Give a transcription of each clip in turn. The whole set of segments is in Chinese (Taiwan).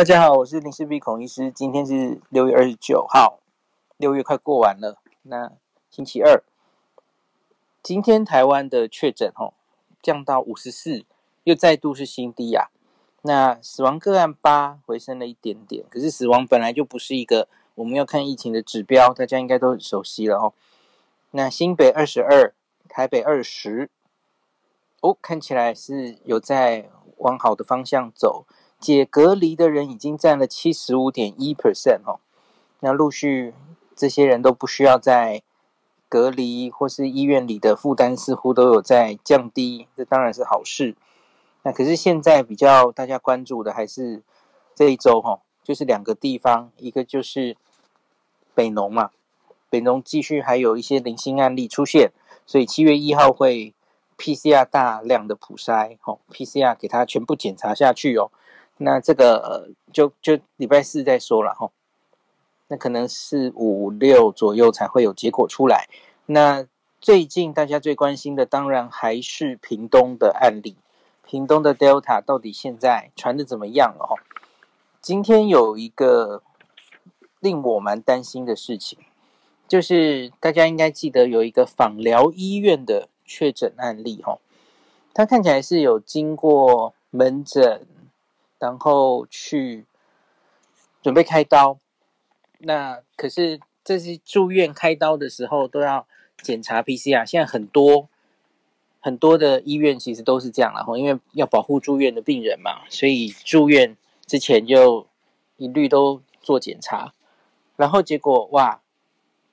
大家好，我是林氏璧孔醫師。今天是六月二十九號，六月快過完了。那星期二，今天台灣的確診哦降到五十四，又再度是新低呀、啊。那死亡個案八回升了一點點，可是死亡本來就不是一個我們要看疫情的指標，大家應該都很熟悉了哦。那新北二十二，台北二十，哦，看起來是有在往好的方向走。解隔離的人已經佔了七十五點一 percent 哦，那陸續這些人都不需要再隔離或是醫院裡的負擔，似乎都有在降低，這當然是好事。那可是現在比較大家關注的還是這一周哦，就是兩個地方，一個就是北農嘛，北農繼續還有一些零星案例出現，所以七月一號會 PCR 大量的普篩哦，PCR 給它全部檢查下去哦。那這個、呃、就就禮拜四再說了哈、哦，那可能四五六左右才會有結果出來。那最近大家最關心的當然還是屏東的案例，屏東的 Delta 到底現在傳的怎麼樣了哈、哦？今天有一個令我蠻擔心的事情，就是大家應該記得有一個枋寮醫院的確診案例哈，他、哦、看起來是有經過門診。然後去準備開刀，那可是這是住院開刀的時候都要檢查 PCR，現在很多很多的醫院其實都是這樣啦，吼，因為要保護住院的病人嘛，所以住院之前就一律都做檢查。然後結果哇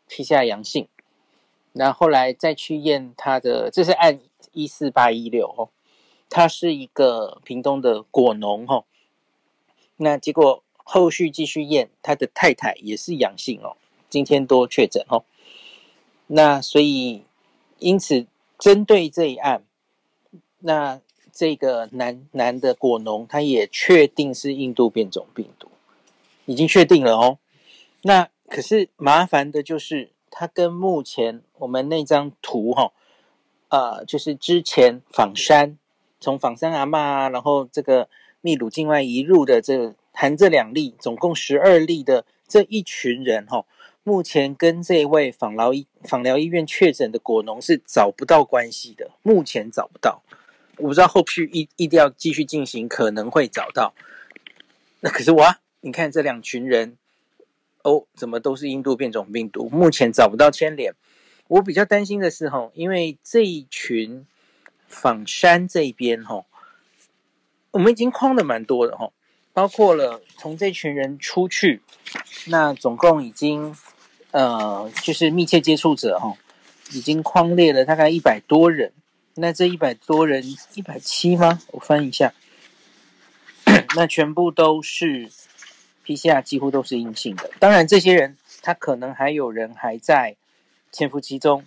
PCR 陽性，然後來再去驗他的，這是案14816哦，他是一個屏東的果農吼。哦那結果後續繼續驗，他的太太也是陽性哦，今天多確診哦。那所以因此針對這一案，那這個男男的果農他也確定是印度變種病毒，已經確定了哦。那可是麻煩的就是他跟目前我們那張圖哈、哦，呃，就是之前枋山，從枋山阿嬤，然後這個。秘魯境外移入的這含這兩例總共十二例的這一群人哈、哦，目前跟這位枋寮醫、枋寮醫院確診的果農是找不到關係的，目前找不到，我不知道後續一一定要繼續進行，可能會找到。那可是哇，你看這兩群人哦，怎麼都是印度變種病毒？目前找不到牽連。我比較擔心的是哈，因為這一群枋山這邊哈。我們已經框的蠻多的哈，包括了從這群人出去，那總共已經呃，就是密切接觸者哈，已經框列了大概一百多人。那這一百多人，一百七嗎？我翻一下，那全部都是 PCR 幾乎都是陰性的。當然，這些人他可能還有人還在潛伏期中，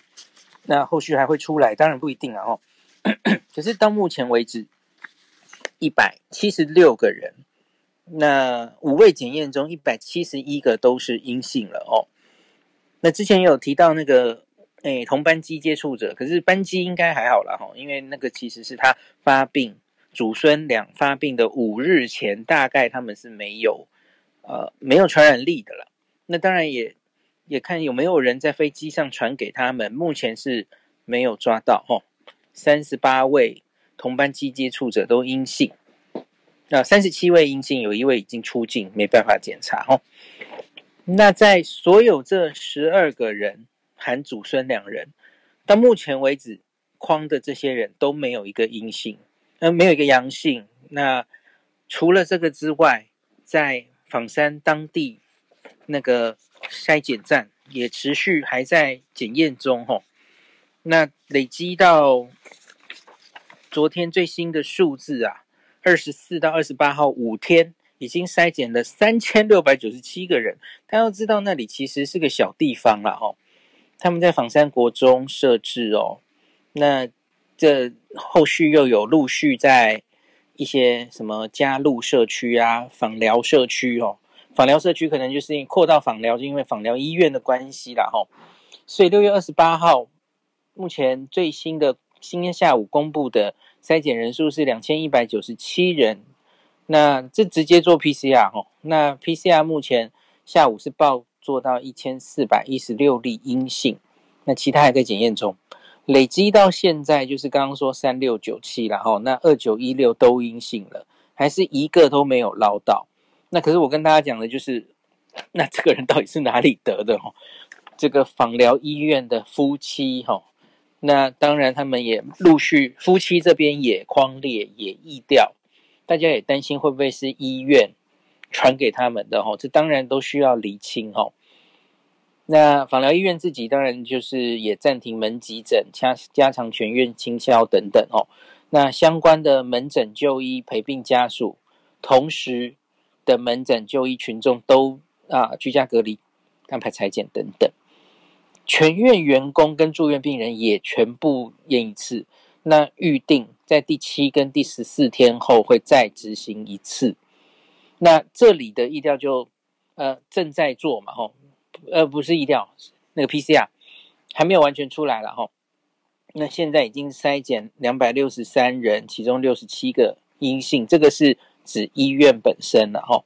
那後續還會出來，當然不一定啊哦。可是到目前為止，一百七十六個人，那五位檢驗中，一百七十一個都是陰性了哦。那之前有提到那個，誒，同班機接觸者，可是班機應該還好啦。哈，因為那個其實是他發病，祖孫倆發病的五日前，大概他們是沒有，呃，沒有傳染力的了。那當然也也看有沒有人在飛機上傳給他們，目前是沒有抓到哦。三十八位。同班機接觸者都陰性，那三十七位陰性，有一位已經出境，沒辦法檢查哈、哦。那在所有這十二個人，含祖孫兩人，到目前為止匡的這些人都沒有一個陰性，呃，沒有一個陽性。那除了這個之外，在枋山當地那個篩檢站也持續還在檢驗中吼、哦。那累積到。昨天最新的數字啊，二十四到二十八號五天已經篩檢了三千六百九十七個人。大家要知道，那裡其實是個小地方了哈。他們在枋山國中設置哦。那這後續又有陸續在一些什麼加入社區啊，枋寮社區哦。枋寮社區可能就是擴到枋寮，就因為枋寮醫院的關係啦吼、哦、所以六月二十八號，目前最新的。今天下午公布的篩檢人數是兩千一百九十七人，那這直接做 PCR 哈，那 PCR 目前下午是報做到一千四百一十六例陰性，那其他還在檢驗中，累積到現在就是剛剛說三六九七啦，哈，那二九一六都陰性了，還是一個都沒有撈到。那可是我跟大家講的就是，那這個人到底是哪裡得的哦？這個枋寮醫院的夫妻吼。那當然，他們也陸續夫妻這邊也匡列也疫調，大家也擔心會不會是醫院傳給他們的哦，這當然都需要釐清哦。那枋寮醫院自己當然就是也暫停門急診加加強全院清消等等哦，那相關的門診就醫陪病家屬，同時的門診就醫群眾都啊居家隔離，安排採檢等等。全院員工跟住院病人也全部驗一次。那預定在第七跟第十四天後會再執行一次。那這裡的疫調就呃正在做嘛吼、哦，呃不是疫調，那個 PCR 還沒有完全出來了吼、哦。那現在已經篩檢兩百六十三人，其中六十七個陰性，這個是指醫院本身了吼、哦。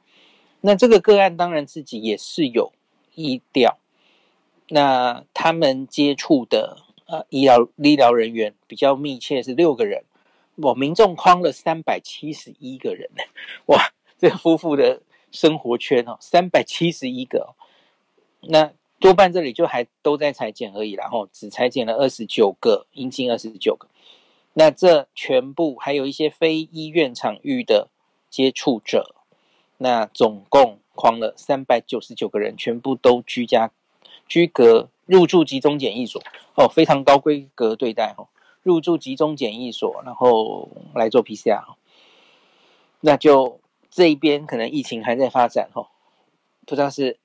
那這個個案當然自己也是有疫調。那他們接觸的呃醫療醫療人員比較密切是六個人，我民眾框了三百七十一個人呢，哇，這個、夫婦的生活圈哦，三百七十一個、哦，那多半這裡就還都在採檢而已啦，然後只採檢了二十九個陰性二十九個，那這全部還有一些非醫院場域的接觸者，那總共框了三百九十九個人，全部都居家。居隔入住集中檢疫所，哦，非常高規格對待哦。入住集中檢疫所，然後來做 PCR，那就這一邊可能疫情還在發展哦，不知道是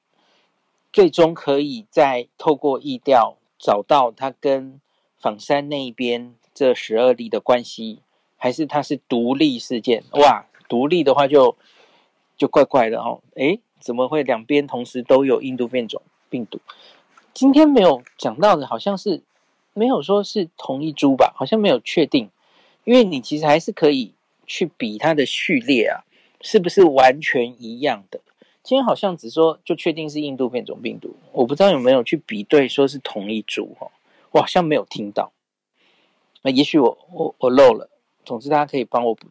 最終可以再透過疫調找到它跟枋山那一邊這十二例的關係，還是它是獨立事件？哇，獨立的話就就怪怪的哦。誒，怎麼會兩邊同時都有印度變種？病毒今天沒有講到的，好像是沒有說是同一株吧，好像沒有確定，因為你其實還是可以去比它的序列啊，是不是完全一樣的？今天好像只說就確定是印度變種病毒，我不知道有沒有去比對說是同一株哦。我好像沒有聽到，那也許我我我漏了，總之大家可以幫我補，誒、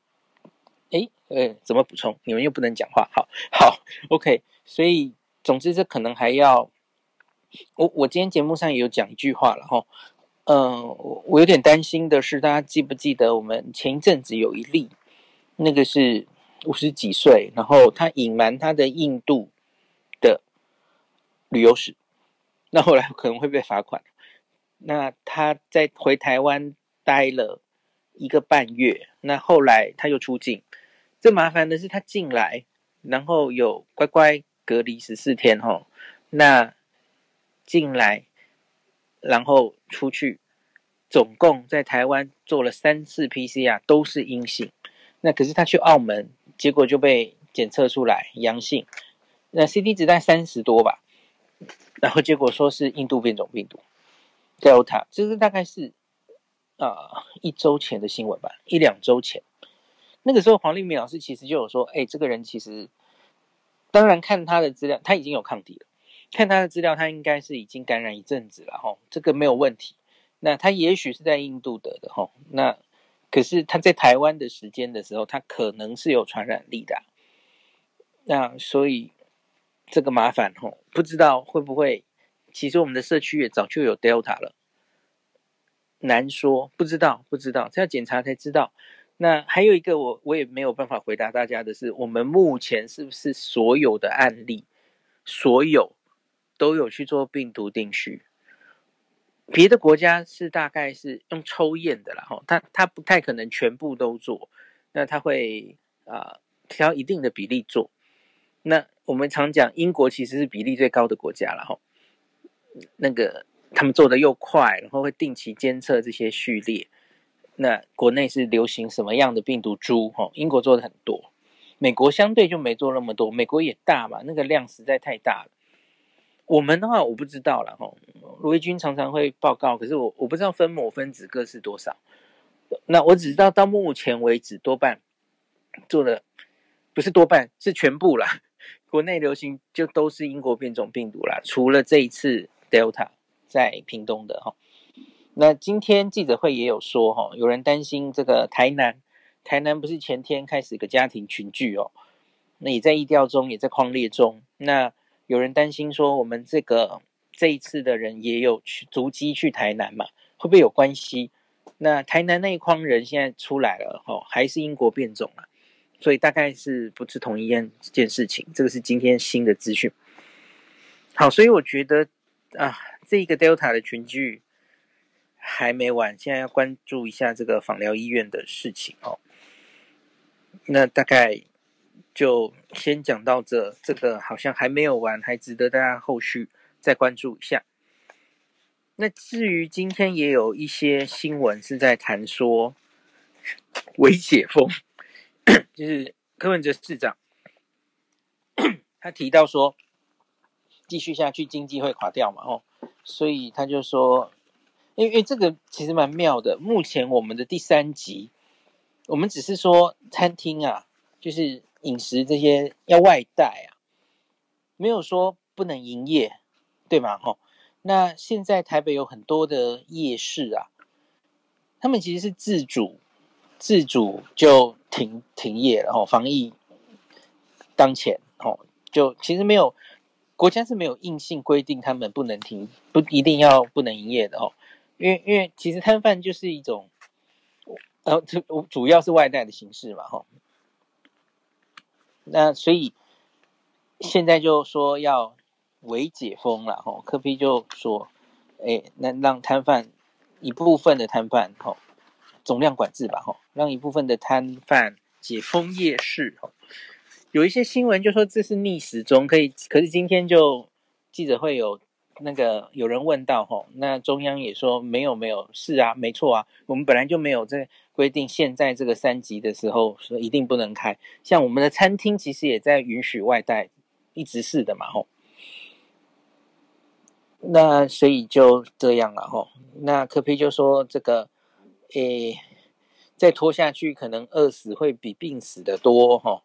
欸、誒、欸，怎麼補充？你們又不能講話，好好，OK，所以總之這可能還要。我我今天節目上也有講一句話了哈，嗯、呃，我有點擔心的是，大家記不記得我們前一陣子有一例，那個是五十幾歲，然後他隱瞞他的印度的旅遊史，那後來可能會被罰款。那他在回台灣待了一個半月，那後來他又出境。最麻煩的是他進來，然後有乖乖隔離十四天哈、哦，那。進來，然後出去，總共在台灣做了三次 PCR 都是陰性，那可是他去澳門，結果就被檢測出來陽性，那 CT 值在三十多吧，然後結果說是印度變種病毒 Delta，這是大概是啊、呃、一周前的新聞吧，一兩周前，那個時候黃立民老師其實就有說，哎，這個人其實當然看他的資料，他已經有抗體了。看他的資料，他應該是已經感染一陣子了，吼，這個沒有問題。那他也許是在印度得的，吼，那可是他在台灣的時間的時候，他可能是有傳染力的。那所以這個麻煩，吼，不知道會不會？其實我們的社區也早就有 Delta 了，難說，不知道，不知道，這要檢查才知道。那還有一個我，我我也沒有辦法回答大家的是，我們目前是不是所有的案例，所有？都有去做病毒定序，別的國家是大概是用抽驗的啦，哈，他他不太可能全部都做，那他會啊、呃、挑一定的比例做。那我們常講英國其實是比例最高的國家了哈，那個他們做的又快，然後會定期監測這些序列。那國內是流行什麼樣的病毒株？哈，英國做的很多，美國相對就沒做那麼多，美國也大嘛，那個量實在太大了。我們的話，我不知道啦，吼。羅一鈞常常會報告，可是我我不知道分母分子各是多少。那我只知道到目前為止，多半做了，不是多半是全部啦。國內流行就都是英國變種病毒啦，除了這一次 Delta 在屏東的哈。那今天記者會也有說哈，有人擔心這個台南，台南不是前天開始一個家庭群聚哦、喔，那也在疫調中，也在匡列中，那。有人擔心說，我們這個這一次的人也有去足跡去台南嘛，會不會有關係？那台南那一筐人現在出來了哦，還是英國變種了，啊，所以大概是不是同一件件事情？這個是今天新的資訊。好，所以我覺得啊，這一個 Delta 的群聚還沒完，現在要關注一下這個枋寮醫院的事情哦。那大概。就先講到這，這個好像還沒有完，還值得大家後續再關注一下。那至於今天也有一些新聞是在談說，微解封，就是柯文哲市長，他提到說，繼續下去經濟會垮掉嘛，哦，所以他就說，因為因為這個其實蠻妙的，目前我們的第三級，我們只是說餐廳啊，就是。飲食這些要外帶啊，沒有說不能營業，對嗎？吼，那現在台北有很多的夜市啊，他們其實是自主、自主就停停業了，然後，防疫當前，吼，就其實沒有國家是沒有硬性規定他們不能停，不一定要不能營業的吼，因為因為其實攤販就是一種，呃，主主要是外帶的形式嘛，吼那所以現在就說要微解封了吼，柯 P 就說，誒、哎，那讓攤販一部分的攤販吼、哦、總量管制吧吼、哦，讓一部分的攤販解封夜市吼、哦，有一些新聞就說這是逆時中可以，可是今天就記者會有。那個有人問到吼、哦，那中央也說沒有沒有，是啊，沒錯啊，我們本來就沒有在規定現在這個三級的時候說一定不能開，像我們的餐廳其實也在允許外帶，一直是的嘛吼、哦。那所以就這樣了吼、哦。那柯 P 就說這個，誒，再拖下去可能餓死會比病死的多哈、哦。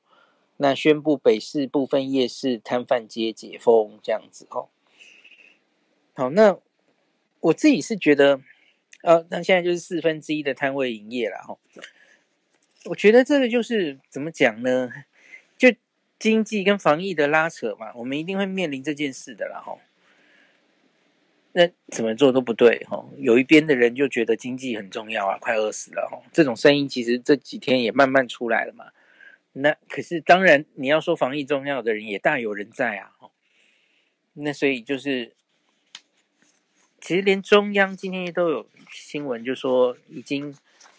那宣布北市部分夜市攤販街解封這樣子哦。好，那我自己是覺得，呃，那現在就是四分之一的攤位營業啦哈。我覺得這個就是怎麼講呢？就經濟跟防疫的拉扯嘛，我們一定會面臨這件事的啦哈。那怎麼做都不對哦。有一邊的人就覺得經濟很重要啊，快餓死了哦。這種聲音其實這幾天也慢慢出來了嘛。那可是當然你要說防疫重要的人也大有人在啊哈。那所以就是。其實連中央今天都有新聞，就說已經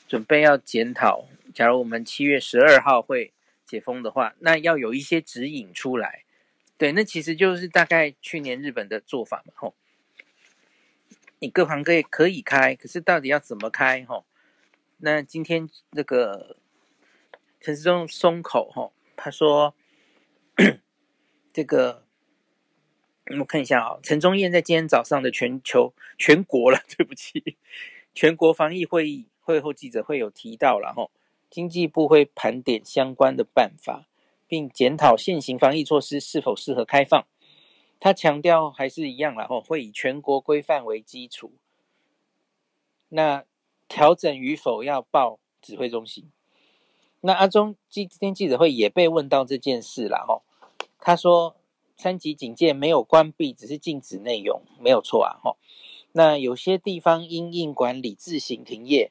準備要檢討。假如我們七月十二號會解封的話，那要有一些指引出來。對，那其實就是大概去年日本的做法嘛，吼。你各行各業可以開，可是到底要怎麼開？吼，那今天那、這個陳時中鬆口，吼，他說 這個。我們看一下啊，陳宗彥在今天早上的全球全國了，對不起，全國防疫會議會後記者會有提到，然後經濟部會盤點相關的辦法，並檢討現行防疫措施是否適合開放。他強調還是一樣啦，後會以全國規範為基礎，那調整與否要報指揮中心。那阿中今天記者會也被問到這件事了哦，他說。三級警戒沒有關閉，只是禁止內用，沒有錯啊！齁，那有些地方因應管理自行停業。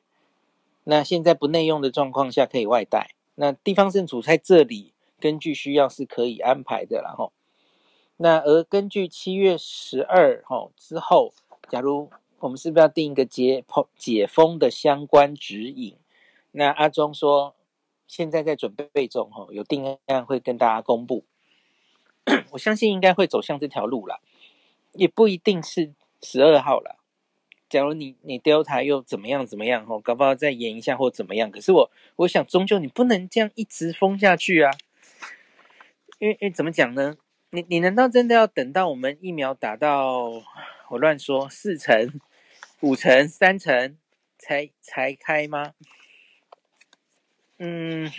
那現在不內用的狀況下，可以外帶。那地方政府在這裡根據需要是可以安排的啦，齁，那而根據七月十二號之後，假如我們是不是要定一個解剖解封的相關指引？那阿中說現在在準備中，齁，有定案會跟大家公布。 我相信應該會走向這條路啦，也不一定是十二號啦。假如你你 Delta 又怎麼樣怎麼樣哦，搞不好再延一下或怎麼樣。可是我我想，終究你不能這樣一直封下去啊！因為因為怎麼講呢？你你難道真的要等到我們疫苗打到我亂說四成、五成、三成才才開嗎？嗯，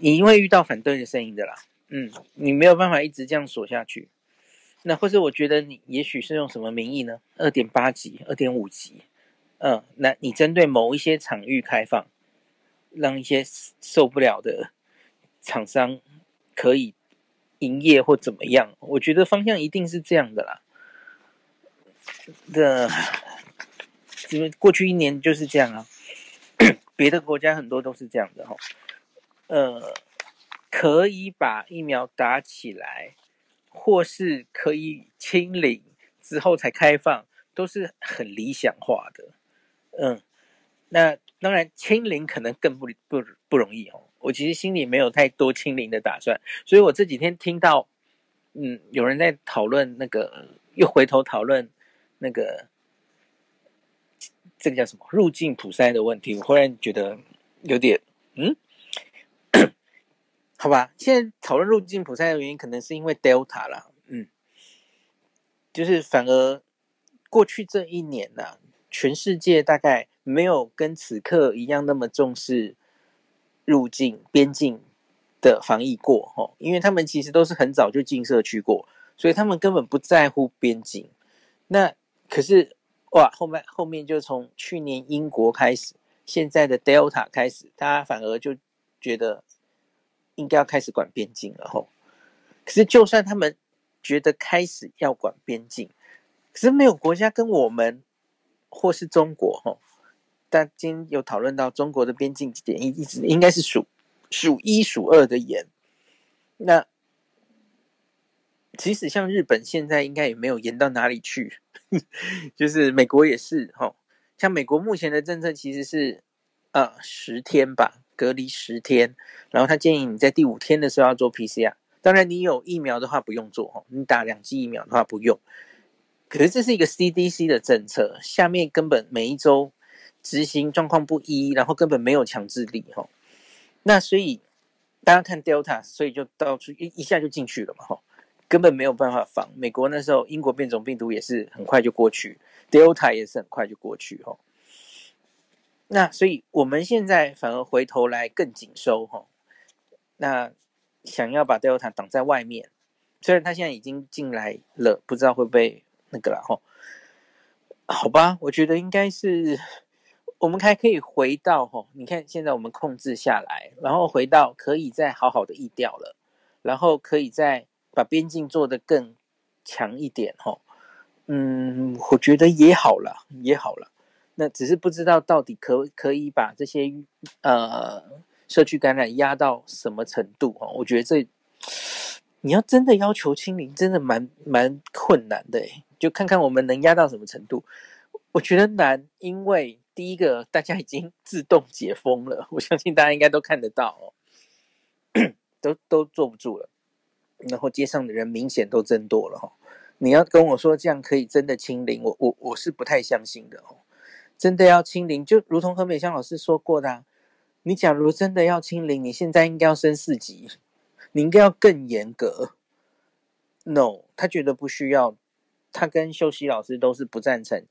你會遇到反對的聲音的啦。嗯，你沒有辦法一直這樣鎖下去，那或者我覺得你也許是用什麼名義呢？二點八級、二點五級，嗯，那你針對某一些場域開放，讓一些受不了的廠商可以營業或怎麼樣？我覺得方向一定是這樣的啦，的，因為過去一年就是這樣啊，別 的國家很多都是這樣的哈、哦，呃。可以把疫苗打起來，或是可以清零之後才開放，都是很理想化的。嗯，那當然清零可能更不不不容易哦。我其實心裡沒有太多清零的打算，所以我這幾天聽到，嗯，有人在討論那個又回頭討論那個這個叫什麼入境普篩的問題，我忽然覺得有點嗯。好吧，現在討論入境普篩的原因，可能是因為 Delta 啦，嗯，就是反而過去這一年吶、啊，全世界大概沒有跟此刻一樣那麼重視入境邊境的防疫過哈，因為他們其實都是很早就進社區過，所以他們根本不在乎邊境。那可是哇，後面後面就從去年英國開始，現在的 Delta 開始，大家反而就覺得。應該要開始管邊境了哈，可是就算他們覺得開始要管邊境，可是沒有國家跟我們或是中國哈，但今有討論到中國的邊境檢疫，一直應該是數數一數二的嚴。那其實像日本現在應該也沒有嚴到哪裡去呵呵，就是美國也是哈，像美國目前的政策其實是呃十天吧。隔離十天，然後他建議你在第五天的時候要做 PCR。當然，你有疫苗的話不用做哈，你打兩劑疫苗的話不用。可是這是一個 CDC 的政策，下面根本每一周執行狀況不一，然後根本沒有強制力哈。那所以大家看 Delta，所以就到處一一下就進去了嘛哈，根本沒有辦法防。美國那時候英國變種病毒也是很快就過去，Delta 也是很快就過去哈。那所以我們現在反而回頭來更緊收哈、哦，那想要把 Delta 擋在外面，雖然他現在已經進來了，不知道會不會那個了哈、哦。好吧，我覺得應該是我們還可以回到哈、哦，你看現在我們控制下來，然後回到可以再好好的疫調，了，然後可以再把邊境做得更強一點哈、哦。嗯，我覺得也好了，也好了。那只是不知道到底可可以把這些呃社區感染壓到什麼程度哦，我覺得這你要真的要求清零，真的蠻蠻困難的，欸，就看看我們能壓到什麼程度，我覺得難，因為第一個大家已經自動解封了，我相信大家應該都看得到哦，都都坐不住了，然後街上的人明顯都增多了哈。你要跟我說這樣可以真的清零，我我我是不太相信的哦。真的要清零，就如同何美鄉老師說過的啊，你假如真的要清零，你現在應該要升四級，你應該要更嚴格。No，他覺得不需要，他跟秀熙老師都是不贊成，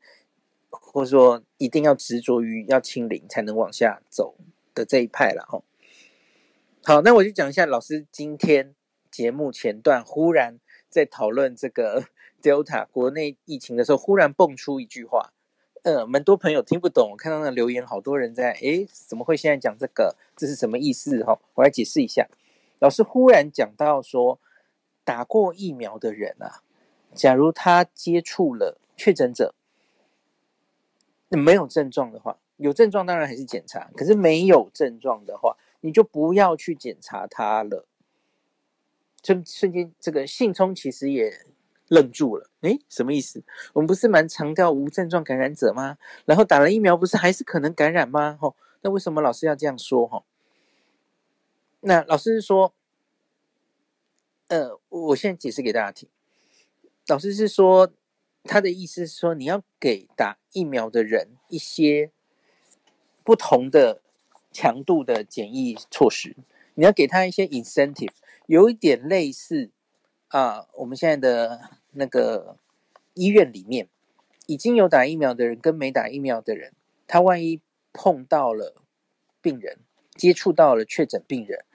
或者說一定要執着於要清零才能往下走的這一派了。哈，好，那我就講一下，老師今天節目前段忽然在討論這個 Delta 國內疫情的時候，忽然蹦出一句話。嗯、呃，蠻多朋友聽不懂，我看到那留言，好多人在哎，怎麼會現在講這個？這是什麼意思，哦？吼，我來解釋一下。老師忽然講到說，打過疫苗的人啊，假如他接觸了確診者，沒有症狀的話，有症狀當然還是檢查，可是沒有症狀的話，你就不要去檢查他了。就瞬、瞬間，這個信沖其實也。愣住了，哎，什麼意思？我們不是蠻強調無症狀感染者嗎？然後打了疫苗，不是還是可能感染嗎？吼、哦，那為什麼老師要這樣說？哈、哦，那老師是說，呃，我現在解釋給大家聽。老師是說，他的意思是說，你要給打疫苗的人一些不同的強度的檢疫措施，你要給他一些 incentive，有一點類似啊、呃，我們現在的。那個醫院裡面已經有打疫苗的人跟沒打疫苗的人，他萬一碰到了病人，接觸到了確診病人，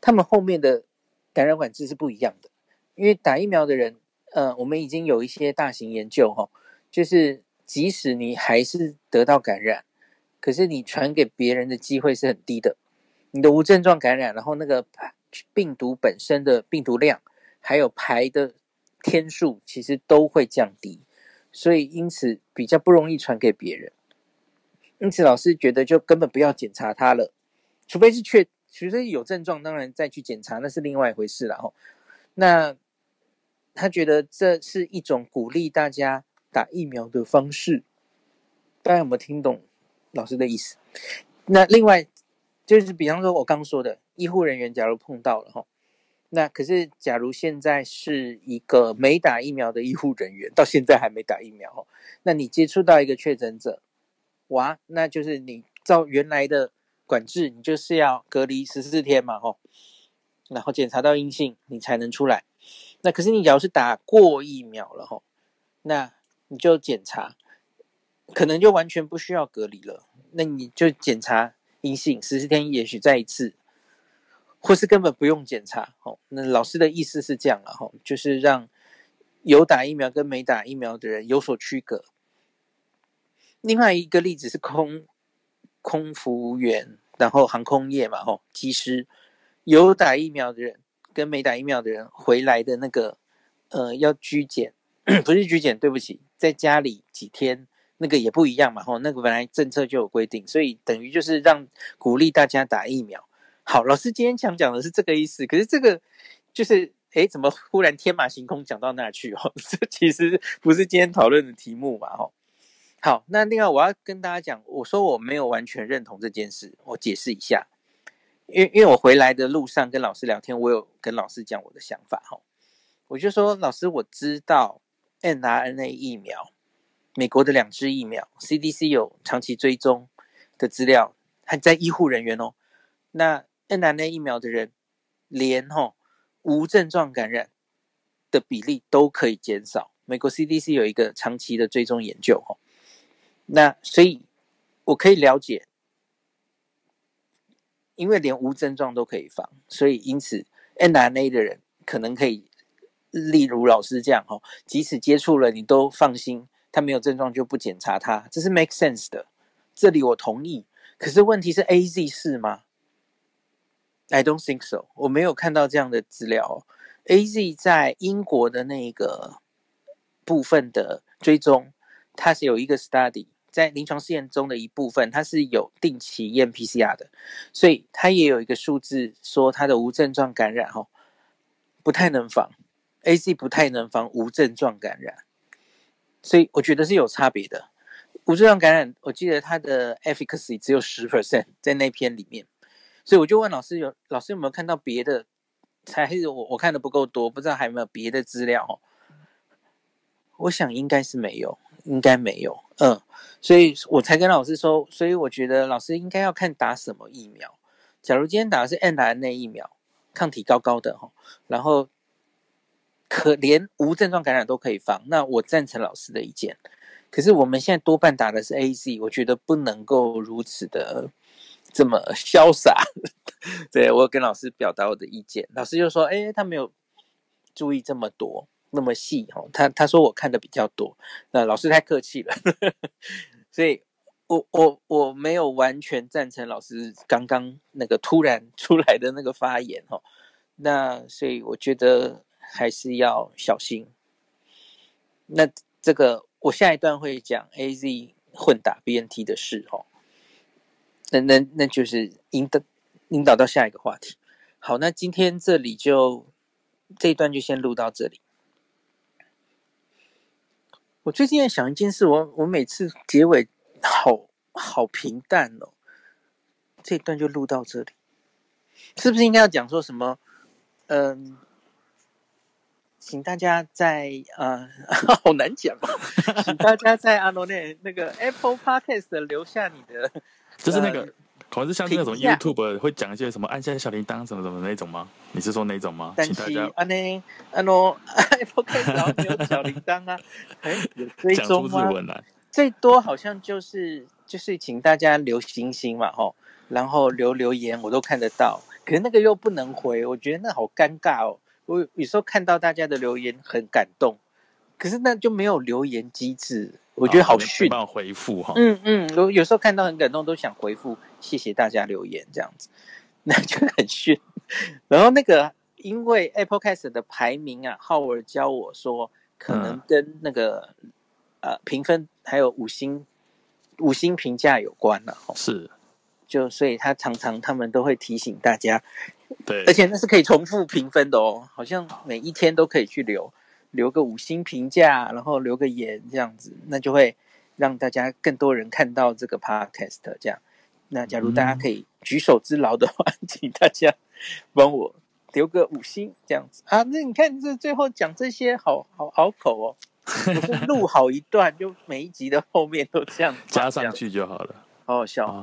他們後面的感染管制是不一樣的。因為打疫苗的人，呃，我們已經有一些大型研究，哦，哈，就是即使你還是得到感染，可是你傳給別人的機會是很低的。你的無症狀感染，然後那個病毒本身的病毒量，還有排的。天數其實都會降低，所以因此比較不容易傳給別人，因此老師覺得就根本不要檢查他了，除非是確，除非是有症狀，當然再去檢查那是另外一回事了哈。那他覺得這是一種鼓勵大家打疫苗的方式，大家有沒有聽懂老師的意思？那另外就是比方說我剛說的醫護人員，假如碰到了哈。那可是，假如現在是一個沒打疫苗的醫護人員，到現在還沒打疫苗，哦，那你接觸到一個確診者，哇，那就是你照原來的管制，你就是要隔離十四天嘛，吼，然後檢查到陰性，你才能出來。那可是你要是打過疫苗了，吼，那你就檢查，可能就完全不需要隔離了。那你就檢查陰性，十四天，也許再一次。或是根本不用檢查，哦，那老師的意思是這樣了，吼、哦，就是讓有打疫苗跟沒打疫苗的人有所區隔。另外一個例子是空空服務員，然後航空業嘛，吼、哦，機師有打疫苗的人跟沒打疫苗的人回來的那個，呃，要居檢，不是居檢，對不起，在家裡幾天那個也不一樣嘛，吼、哦，那個本來政策就有規定，所以等於就是讓鼓勵大家打疫苗。好，老師今天想講的是這個意思，可是這個就是哎，怎麼忽然天馬行空講到那去哦？這其實不是今天討論的題目嘛、哦。哈，好，那另外我要跟大家講，我說我沒有完全認同這件事，我解釋一下，因為因為我回來的路上跟老師聊天，我有跟老師講我的想法、哦，哈，我就說老師，我知道 mRNA 疫苗，美國的兩支疫苗，CDC 有長期追蹤的資料，還在醫護人員哦，那。mRNA 疫苗的人，連吼無症狀感染的比例都可以減少。美國 CDC 有一個長期的追蹤研究吼，那所以我可以了解，因為連無症狀都可以防，所以因此 mRNA 的人可能可以，例如老師這樣吼，即使接觸了你都放心，他沒有症狀就不檢查他，這是 make sense 的。這裡我同意，可是問題是 AZ 是嗎？I don't think so。我沒有看到這樣的資料。AZ 在英國的那個部分的追蹤，它是有一個 study 在臨床試驗中的一部分，它是有定期驗 PCR 的，所以它也有一個數字說它的無症狀感染哦，不太能防，AZ 不太能防無症狀感染，所以我覺得是有差別的。無症狀感染，我記得它的 efficacy 只有十 percent 在那篇裡面。所以我就問老師有，有老師有沒有看到別的？還是我我看的不夠多，不知道還有沒有別的資料，哦？我想應該是沒有，應該沒有。嗯，所以我才跟老師說，所以我覺得老師應該要看打什麼疫苗。假如今天打的是 N，打的那疫苗，抗體高高的哈，哦，然後可連無症狀感染都可以防。那我贊成老師的意見。可是我們現在多半打的是 AZ，我覺得不能夠如此的。這麼瀟灑，對我跟老師表達我的意見，老師就說：“哎，他沒有注意這麼多那麼細哦。他”他他說我看的比較多，那老師太客氣了，呵呵，所以我我我沒有完全贊成老師剛剛那個突然出來的那個發言哦。那所以我覺得還是要小心。那這個我下一段會講 AZ 混打 BNT 的事哦。那那那就是引導，引導到下一個話題。好，那今天這裡就這一段就先錄到這裡。我最近在想一件事，我我每次結尾好好平淡哦。這一段就錄到這裡，是不是應該要講說什麼？嗯、呃，請大家在啊、呃，好難講、啊， 請大家在あの那個 Apple Podcast 留下你的。就是那個，嗯、可能是像是那種 YouTube 會講一些什麼按下小鈴鐺什,什麼什麼那種嗎？你是說哪種嗎？請大家，啊，那， 啊，我開始有小鈴鐺啊，哎，有追文啊，最多好像就是就是請大家留星星嘛吼，然後留留言我都看得到，可是那個又不能回，我覺得那好尷尬哦。我有時候看到大家的留言很感動，可是那就沒有留言機制。我覺得好遜，啊，沒辦法回復哈。嗯嗯，有有時候看到很感動，都想回復謝謝大家留言這樣子，那就很遜。然後那個因為 Apple Cast 的排名啊，浩爾教我說，可能跟那個、嗯、呃評分還有五星五星評價有關了、哦。是，就所以他常常他們都會提醒大家，對，而且那是可以重複評分的哦，好像每一天都可以去留。留個五星評價，然後留個言這樣子，那就會讓大家更多人看到這個 podcast 這樣。那假如大家可以舉手之勞的話，嗯，請大家幫我留個五星這樣子啊。那你看這最後講這些，好好好口哦，是 錄好一段，就每一集的後面都這樣 加上去就好了，好好笑。哦